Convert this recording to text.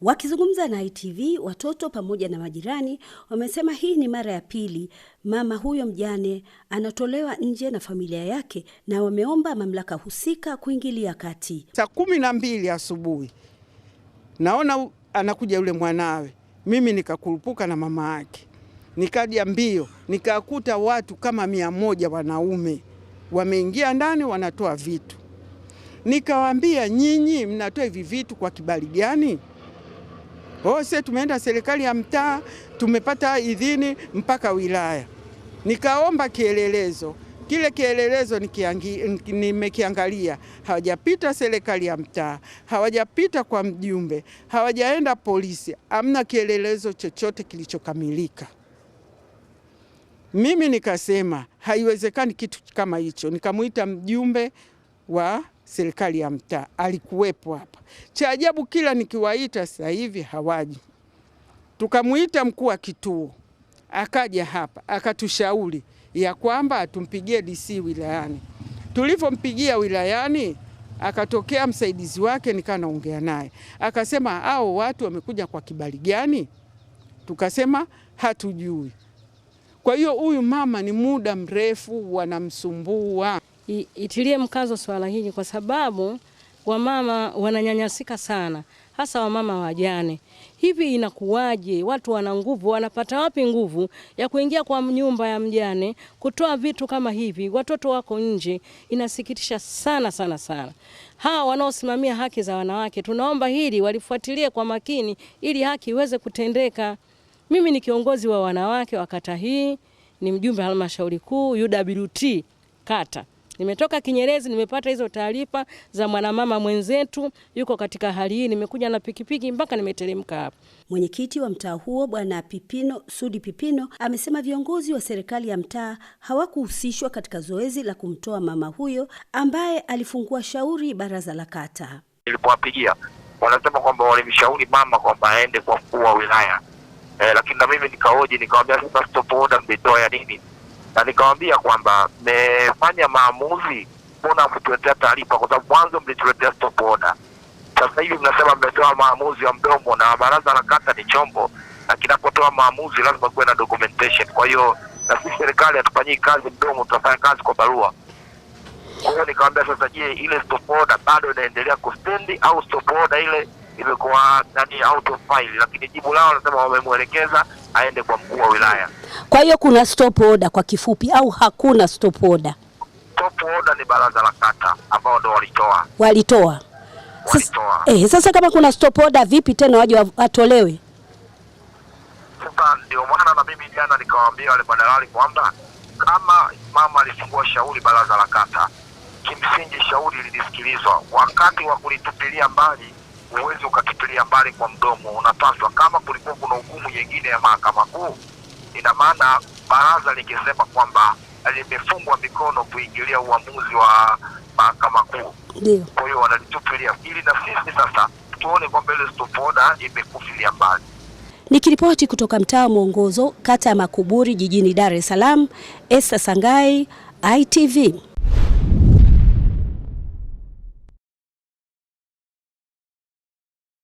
Wakizungumza na ITV, watoto pamoja na majirani wamesema hii ni mara ya pili mama huyo mjane anatolewa nje na familia yake, na wameomba mamlaka husika kuingilia kati. Saa kumi na mbili asubuhi naona anakuja yule mwanawe, mimi nikakurupuka na mama yake, nikaja mbio, nikakuta watu kama mia moja wanaume wameingia ndani, wanatoa vitu. Nikawaambia, nyinyi mnatoa hivi vitu kwa kibali gani? Ose oh, tumeenda serikali ya mtaa, tumepata idhini mpaka wilaya, nikaomba kielelezo kile kielelezo nimekiangalia, hawajapita serikali ya mtaa, hawajapita kwa mjumbe, hawajaenda polisi, hamna kielelezo chochote kilichokamilika. Mimi nikasema haiwezekani kitu kama hicho, nikamwita mjumbe wa serikali ya mtaa alikuwepo hapa. Cha ajabu kila nikiwaita sasa hivi hawaji. Tukamwita mkuu wa kituo akaja hapa akatushauri ya kwamba tumpigie DC wilayani. Tulivyompigia wilayani akatokea msaidizi wake, nikaa naongea naye, akasema hao watu wamekuja kwa kibali gani? Tukasema hatujui. Kwa hiyo huyu mama ni muda mrefu wanamsumbua itilie mkazo swala hili, kwa sababu wamama wananyanyasika sana, hasa wamama wajane. Hivi inakuwaje? Watu wana nguvu, wanapata wapi nguvu ya kuingia kwa nyumba ya mjane kutoa vitu kama hivi? Watoto wako nje. Inasikitisha sana sana sana. Hawa wanaosimamia haki za wanawake, tunaomba hili walifuatilie kwa makini, ili haki iweze kutendeka. Mimi ni kiongozi wa wanawake wa kata hii, ni mjumbe halmashauri kuu UWT kata. Nimetoka Kinyerezi, nimepata hizo taarifa za mwanamama mwenzetu yuko katika hali hii, nimekuja na pikipiki mpaka nimeteremka hapa. Mwenyekiti wa mtaa huo Bwana Pipino Sudi Pipino amesema viongozi wa serikali ya mtaa hawakuhusishwa katika zoezi la kumtoa mama huyo ambaye alifungua shauri baraza la kata. Nilipowapigia wanasema kwamba walimshauri mama kwamba aende kwa mkuu wa wilaya eh, lakini na mimi nikaoji, nikawambia sasa stop order mmeitoa ya nini? na nikamwambia kwamba mmefanya maamuzi, mbona kutuletea taarifa? Kwa sababu mwanzo mlituletea stop order, sasa hivi mnasema mmetoa maamuzi ya mdomo, na baraza la kata ni chombo na kinapotoa maamuzi lazima kuwe na documentation. Kwa hiyo na sisi serikali hatufanyii kazi mdomo, tunafanya kazi kwa barua. Kwa hiyo nikawambia sasa, je, ile stop order bado inaendelea kustendi au stop order ile imekuwa nani out of file? Lakini jibu lao nasema wamemwelekeza aende kwa mkuu wa wilaya. Kwa hiyo kuna stop order kwa kifupi au hakuna stop order? Stop order ni baraza la kata ambao ndio walitoa. Walitoa. Sasa, eh, sasa kama kuna stop order vipi tena waje watolewe? Sasa ndio maana na mimi jana nikawaambia wale madalali kwamba kama mama alifungua shauri baraza la kata, kimsingi shauri lilisikilizwa. Wakati wa kulitupilia mbali huwezi ukatupilia mbali kwa mdomo, unapaswa kama kulikuwa kuna hukumu nyingine ya mahakama kuu Ina maana baraza likisema kwamba limefungwa mikono kuingilia uamuzi wa mahakama kuu, kwa hiyo wanalitupilia ili na sisi sasa tuone kwamba ile stop order imekufilia mbali. Nikiripoti kutoka mtaa wa Mwongozo, kata ya Makuburi, jijini Dar es Salaam, Esther Sangai, ITV.